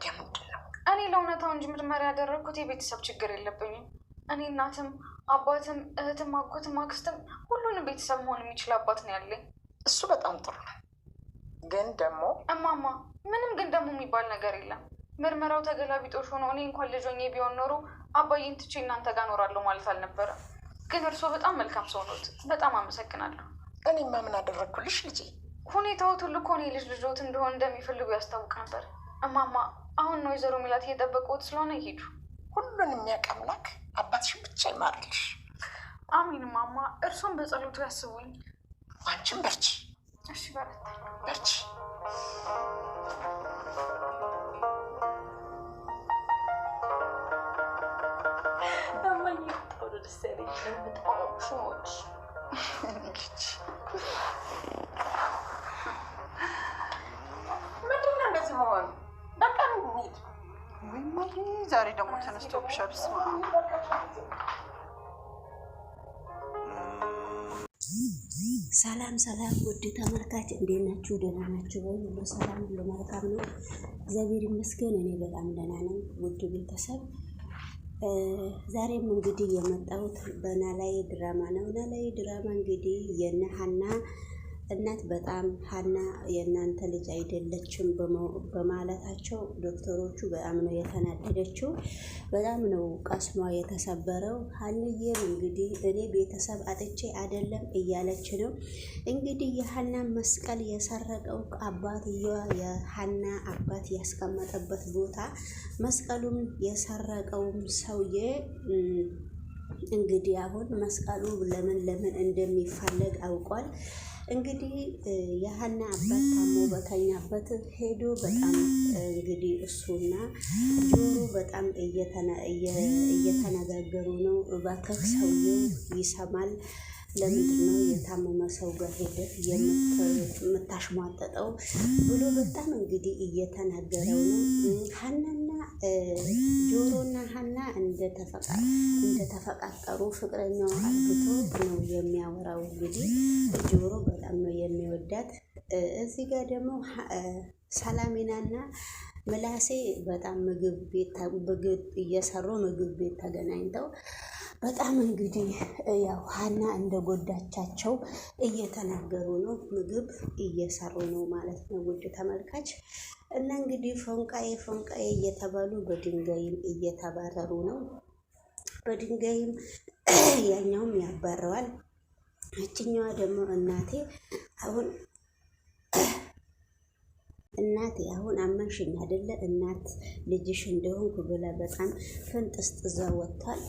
እንደ ምንድን ነው? እኔ ለእውነታው እንጂ ምርመራ ያደረግኩት የቤተሰብ ችግር የለብኝም። እኔ እናትም አባትም እህትም አጎትም አክስትም ሁሉንም ቤተሰብ መሆን የሚችል አባት ነው ያለኝ። እሱ በጣም ጥሩ ነው። ግን ደግሞ እማማ ምንም ግን ደግሞ የሚባል ነገር የለም። ምርመራው ተገላቢጦሽ ሆኖ እኔ እንኳን ልጆኜ ቢሆን ኖሮ አባዬን ትቼ እናንተ ጋር እኖራለሁ ማለት አልነበረም። ግን እርስዎ በጣም መልካም ሰው ኖት። በጣም አመሰግናለሁ። እኔማ ምን አደረግኩልሽ ልጄ? ሁኔታዎት ሁሉ እኮ ልጅ ልጆት እንደሆን እንደሚፈልጉ ያስታውቅ ነበር እማማ አሁን ነው ወይዘሮ ሚላት እየጠበቁት ስለሆነ ይሄዱ። ሁሉን የሚያውቅ አምላክ አባትሽን ብቻ ይማርልሽ። አሚን ማማ፣ እርሶን በጸሎቱ ያስቡኝ። አንቺም በርቺ። እሺ በረታ፣ በርቺ። ምንድን ነው እንደዚህ መሆኑ? ዛሬ ደግሞ ተነስቶብሻል። ስማ ሰላም ሰላም፣ ውድ ተመልካች እንዴት ናችሁ? ደህና ናችሁ ወይ? ሁሉ ሰላም፣ ሁሉ መልካም ነው? እግዚአብሔር ይመስገን፣ እኔ በጣም ደህና ነኝ። ውድ ቤተሰብ፣ ዛሬም እንግዲህ የመጣሁት በናላይ ድራማ ነው። ናላይ ድራማ እንግዲህ የነሀና እናት በጣም ሀና የእናንተ ልጅ አይደለችም በማለታቸው ዶክተሮቹ በጣም ነው የተናደደችው። በጣም ነው ቀስሟ የተሰበረው። ሀንዬም እንግዲህ እኔ ቤተሰብ አጥቼ አይደለም እያለች ነው። እንግዲህ የሀና መስቀል የሰረቀው አባትየዋ የሀና አባት ያስቀመጠበት ቦታ መስቀሉም የሰረቀውም ሰውዬ እንግዲህ አሁን መስቀሉ ለምን ለምን እንደሚፈለግ አውቋል። እንግዲህ የሀና አባት ታሞ በተኛበት ሄዶ በጣም እንግዲህ እሱና ጆሮ በጣም እየተነጋገሩ ነው። እባክህ ሰውየው ይሰማል። ለምንድን ነው የታመመ ሰው ጋር ሄደህ የምታሽሟጠጠው? ብሎ በጣም እንግዲህ እየተናገረው ነው ሀናም ጆሮና ሀና እንደተፈቃቀሩ ፍቅረኛው አግቶ ነው የሚያወራው። እንግዲህ ጆሮ በጣም ነው የሚወዳት። እዚህ ጋር ደግሞ ሰላሜናና ምላሴ በጣም ምግብ ቤት እየሰሩ ምግብ ቤት ተገናኝተው በጣም እንግዲህ ያው ሀና እንደ ጎዳቻቸው እየተናገሩ ነው። ምግብ እየሰሩ ነው ማለት ነው። ውድ ተመልካች እና እንግዲህ ፎንቃዬ ፎንቃዬ እየተባሉ በድንጋይም እየተባረሩ ነው። በድንጋይም ያኛውም ያባረዋል። እችኛዋ ደግሞ እናቴ አሁን እናቴ አሁን አመንሽኝ አይደለ እናት ልጅሽ እንደሆንኩ ብላ በጣም ፍንጥስጥዛ ወጥቷል።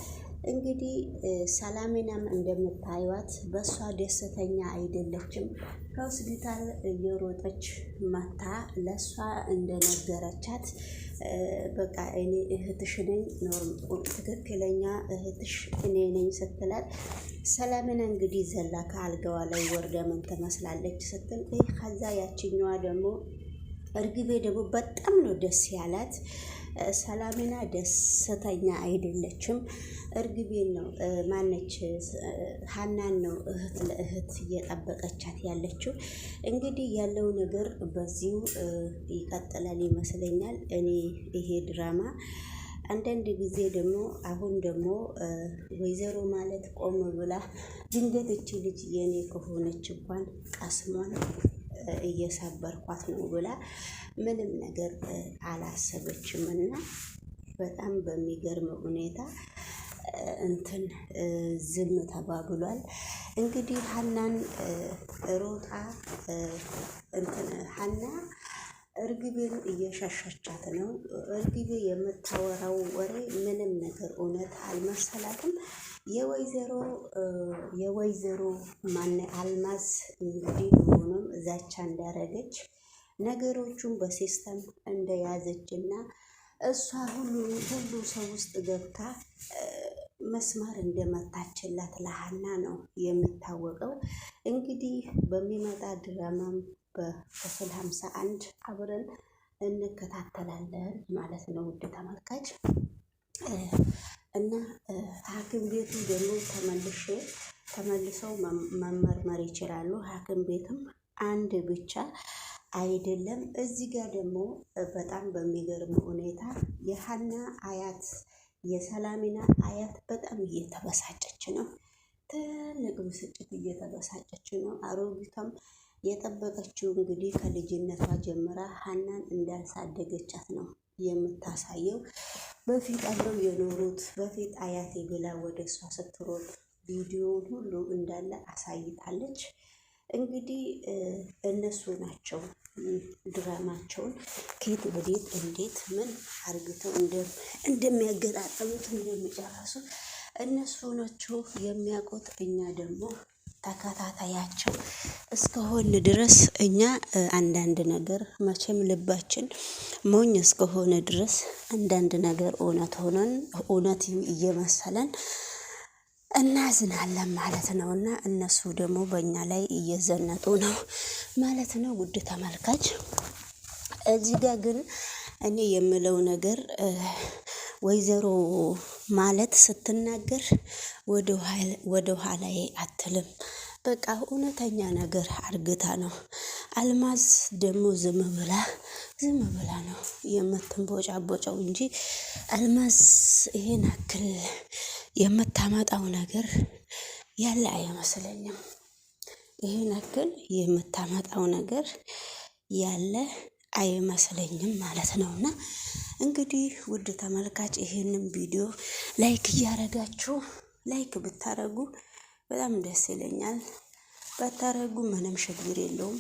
እንግዲህ ሰላሜናም እንደምታዩት በእሷ ደስተኛ አይደለችም። ከሆስፒታል እየሮጠች መታ ለእሷ እንደነገረቻት በቃ እኔ እህትሽ ነኝ፣ ትክክለኛ እህትሽ እኔ ነኝ ስትላት ሰላምን እንግዲህ ዘላ ከአልጋዋ ላይ ወርዳ ምን ትመስላለች ስትል ከዛ ያችኛዋ ደግሞ እርግቤ ደግሞ በጣም ነው ደስ ያላት። ሰላሜና ደስተኛ አይደለችም። እርግቤ ነው ማነች ሀናን ነው እህት ለእህት እየጠበቀቻት ያለችው። እንግዲህ ያለው ነገር በዚሁ ይቀጥላል ይመስለኛል። እኔ ይሄ ድራማ አንዳንድ ጊዜ ደግሞ አሁን ደግሞ ወይዘሮ ማለት ቆም ብላ ድንገት እቺ ልጅ የኔ ከሆነች እንኳን ቀስሟን እየሰበርኳት ነው ብላ ምንም ነገር አላሰበችም እና በጣም በሚገርም ሁኔታ እንትን ዝም ተባብሏል። እንግዲህ ሀናን ሮጣ እንትን ሀና እርግቤን እየሻሻቻት ነው። እርግቤ የምታወራው ወሬ ምንም ነገር እውነት አልመሰላትም። የወይዘሮ የወይዘሮ ማነ አልማዝ እንግዲህ ሰውንም ዛቻ እንዳረገች ነገሮቹን በሲስተም እንደያዘች እና እሷ ሁሉ ሁሉ ሰው ውስጥ ገብታ መስማር እንደመታችላት ለሀና ነው የሚታወቀው። እንግዲህ በሚመጣ ድራማም በክፍል ሀምሳ አንድ አብረን እንከታተላለን ማለት ነው ውድ ተመልካች እና ሐኪም ቤቱ ደግሞ ተመልሼ ተመልሰው መመርመር ይችላሉ። ሐኪም ቤትም አንድ ብቻ አይደለም። እዚህ ጋር ደግሞ በጣም በሚገርም ሁኔታ የሀና አያት የሰላሚና አያት በጣም እየተበሳጨች ነው። ትልቅ ብስጭት እየተበሳጨች ነው። አሮጊቷም የጠበቀችው እንግዲህ ከልጅነቷ ጀምራ ሀናን እንዳሳደገቻት ነው የምታሳየው። በፊት አብረው የኖሩት በፊት አያቴ ብላ ወደ እሷ ስትሮጥ ቪዲዮውን ሁሉ እንዳለ አሳይታለች። እንግዲህ እነሱ ናቸው ድራማቸውን ከየት ወዴት እንዴት ምን አርግተው እንደሚያገጣጠሙት እንደሚጨርሱ እነሱ ናቸው የሚያውቁት። እኛ ደግሞ ተከታታያቸው እስከሆን ድረስ እኛ አንዳንድ ነገር መቼም ልባችን ሞኝ እስከሆነ ድረስ አንዳንድ ነገር እውነት ሆነን እውነት እየመሰለን እናዝናለን ማለት ነው። እና እነሱ ደግሞ በእኛ ላይ እየዘነጡ ነው ማለት ነው። ውድ ተመልካች እዚህ ጋር ግን እኔ የምለው ነገር ወይዘሮ ማለት ስትናገር ወደ ላይ አትልም። በቃ እውነተኛ ነገር አርግታ ነው። አልማዝ ደግሞ ዝም ብላ ዝም ብላ ነው የምትንቦጫቦጨው እንጂ አልማዝ ይሄን አክል የምታመጣው ነገር ያለ አይመስለኝም። ይሄ ነገር የምታመጣው ነገር ያለ አይመስለኝም ማለት ነው። እና እንግዲህ ውድ ተመልካች ይሄንን ቪዲዮ ላይክ እያረጋችሁ ላይክ ብታረጉ በጣም ደስ ይለኛል። ባታረጉ ምንም ችግር የለውም።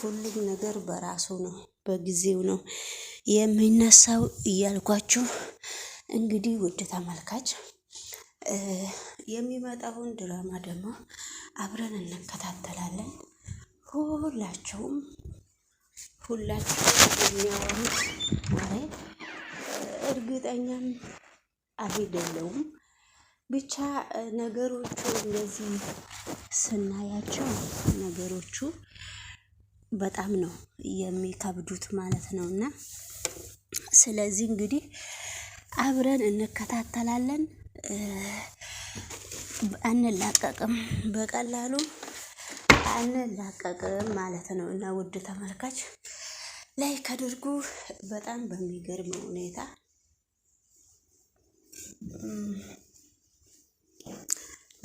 ሁሉም ነገር በራሱ ነው፣ በጊዜው ነው የሚነሳው እያልኳችሁ እንግዲህ ውድ ተመልካች የሚመጣውን ድራማ ደግሞ አብረን እንከታተላለን። ሁላቸውም ሁላቸውም የሚያወሩት ማለት እርግጠኛም አይደለውም። ብቻ ነገሮቹ እንደዚህ ስናያቸው ነገሮቹ በጣም ነው የሚከብዱት ማለት ነው። እና ስለዚህ እንግዲህ አብረን እንከታተላለን። አንላቀቅም፣ በቀላሉ አንላቀቅም ማለት ነው። እና ውድ ተመልካች ላይ ከድርጉ በጣም በሚገርም ሁኔታ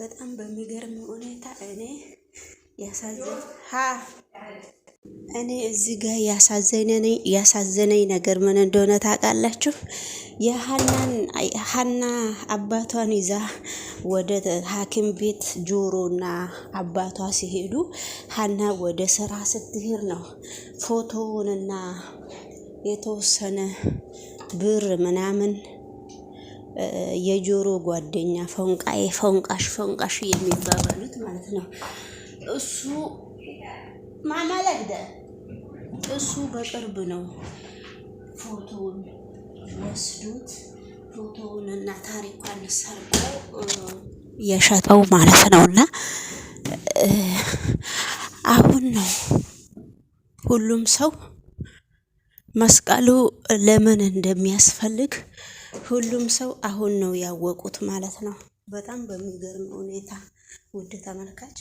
በጣም በሚገርም ሁኔታ እኔ ያሳዘኝ እኔ እዚህ ጋር ያሳዘነኝ ያሳዘነኝ ነገር ምን እንደሆነ ታውቃላችሁ? የሀና አባቷን ይዛ ወደ ሐኪም ቤት ጆሮና አባቷ ሲሄዱ ሀና ወደ ስራ ስትሄድ ነው ፎቶውንና የተወሰነ ብር ምናምን የጆሮ ጓደኛ ፈንቃዬ ፈንቃሽ ፈንቃሽ የሚባባሉት ማለት ነው። እሱ ማማለግደ እሱ በቅርብ ነው ፎቶውን ወስዱት እና ታሪኳን ሰርቀው የሸጠው ማለት ነው። እና አሁን ነው ሁሉም ሰው መስቀሉ ለምን እንደሚያስፈልግ ሁሉም ሰው አሁን ነው ያወቁት ማለት ነው። በጣም በሚገርም ሁኔታ ውድ ተመልካች፣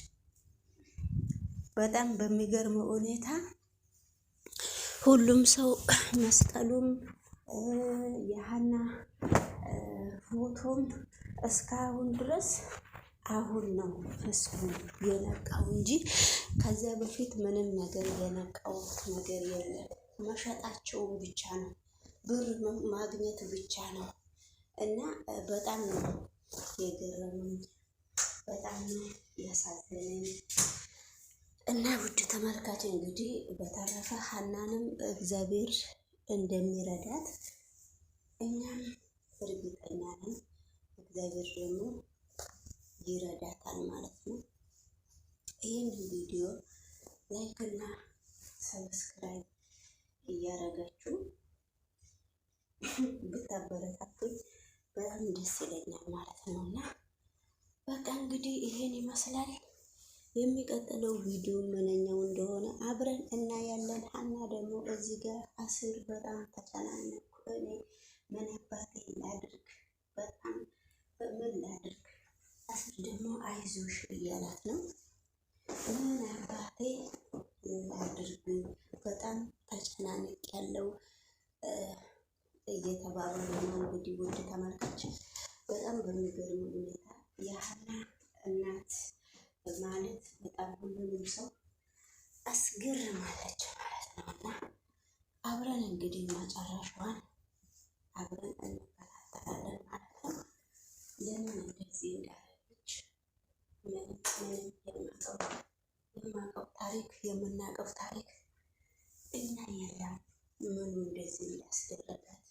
በጣም በሚገርም ሁኔታ ሁሉም ሰው መስቀሉም የሀና ፎቶም እስካሁን ድረስ አሁን ነው እሱ የነቃው እንጂ ከዚያ በፊት ምንም ነገር የነቃው ነገር የለም። መሸጣቸውን ብቻ ነው ብር ማግኘት ብቻ ነው። እና በጣም ነው የገረመኝ፣ በጣም ነው ያሳዘነኝ። እና ውድ ተመልካች እንግዲህ በተረፈ ሀናንም እግዚአብሔር እንደሚረዳት እኛም እርግጠኛ ነን። እግዚአብሔር ደግሞ ይረዳታል ማለት ነው። ይህን ቪዲዮ ላይክና ሰብስክራይብ እያረጋችሁ ብታበረታቱኝ በጣም ደስ ይለኛል ማለት ነው። እና በቃ እንግዲህ ይሄን ይመስላል። የሚቀጥለው ቪዲዮ ምንኛው እንደሆነ አብረን እናያለን። ሀና ደግሞ እዚህ ጋር ስል በጣም ተጨናነኩ። እኔ ምን አባቴ ላድርግ? በጣም ምን ላድርግ? አስር ደግሞ አይዞሽ እያላት ነው። ምን አባቴ ላድርግ? በጣም ተጨናነቅ ያለው እየተባባሉ ነው። እንግዲህ ውድ ተመልካች በጣም በሚገርም ሁኔታ የሀና እናት ማለት በጣም ሁሉንም ሰው አስገርማለች ማለት ነው እና አብረን እንግዲህ መጨረሻዋን አብረን እንከታተላለን ማለት ነው። ለምን እንደዚህ እንዳለች ምንም የማውቀው ታሪክ የምናውቀው ታሪክ እኛ የለም። ምን እንደዚህ እንዳስደረጋት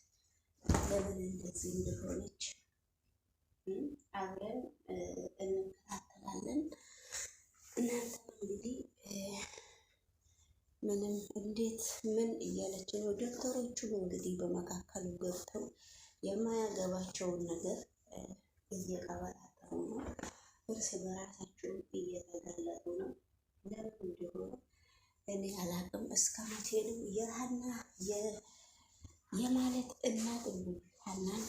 ለምን እንደዚህ እንደሆነች አብረን እንከታተላለን። እናንተም እንግዲህ ምንም ሴት ምን እያለች ነው? ዶክተሮቹም እንግዲህ በመካከሉ ገብተው የማያገባቸውን ነገር እየቀበጣጠሩ ነው። እርስ በራሳቸው እየተገለጡ ነው። ለምን እንደሆነ እኔ አላቅም። እስከ መቼ ነው የሀና የማለት እናት ሀናን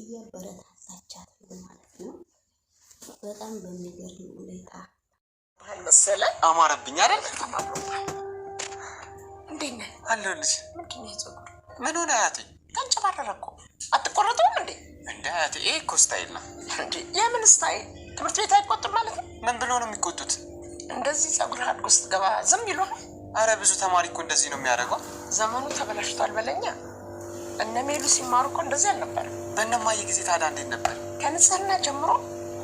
እያበረታታቻት ነው ማለት ነው። በጣም በሚገርም ሁኔታ መሰለ አማረብኝ አይደል? እንዴት ነህ? አለሁልሽ። ምንድን ነው የፀጉር ምን ሆነ አያቴ? ተንጨባረረ እኮ አትቆረጠውም እንዴ? እንደ አያቴ ይሄ እኮ ስታይል ነው። የምን ስታይል? ትምህርት ቤት አይቆጡም ማለት ነው? ምን ብሎ ነው የሚቆጡት? እንደዚህ ፀጉር አድጎ ስትገባ ዝም ይሉሃል። አረ ብዙ ተማሪ እኮ እንደዚህ ነው የሚያደርገው። ዘመኑ ተበላሽቷል። በለኛ እነ ሜሉ ሲማሩ እኮ እንደዚህ አልነበረም። በእነማየ ጊዜ ታዲያ እንዴት ነበር? ከንጽህና ጀምሮ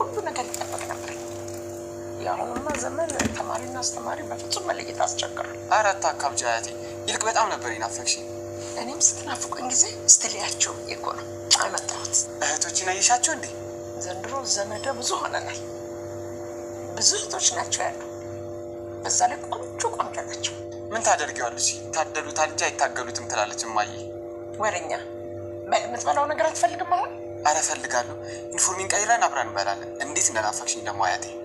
ሁሉ ነገር ይጠበቅ ነበር። የአሁኑማ ዘመን ተማሪና አስተማሪ በፍጹም መለየት አስቸግራል። አራት አካብ ጃያቴ ይልቅ በጣም ነበር ይናፈቅሽ። እኔም ስትናፍቁኝ ጊዜ ስትልያቸው ብዬ እኮ ነው የመጣሁት። እህቶችን አየሻቸው እንዴ? ዘንድሮ ዘመደ ብዙ ሆነናል። ብዙ እህቶች ናቸው ያሉ። በዛ ላይ ቆንጆ ቆንጆ ናቸው። ምን ታደርጊዋለሽ? ታደሉታል እንጂ አይታገሉትም ትላለች እማዬ። ወሬኛ የምትበላው ነገር አትፈልግም አሁን? አረ እፈልጋለሁ። ዩኒፎርሚን ቀይረን አብረን እንበላለን። እንዴት እንደናፈቅሽኝ ደግሞ አያቴ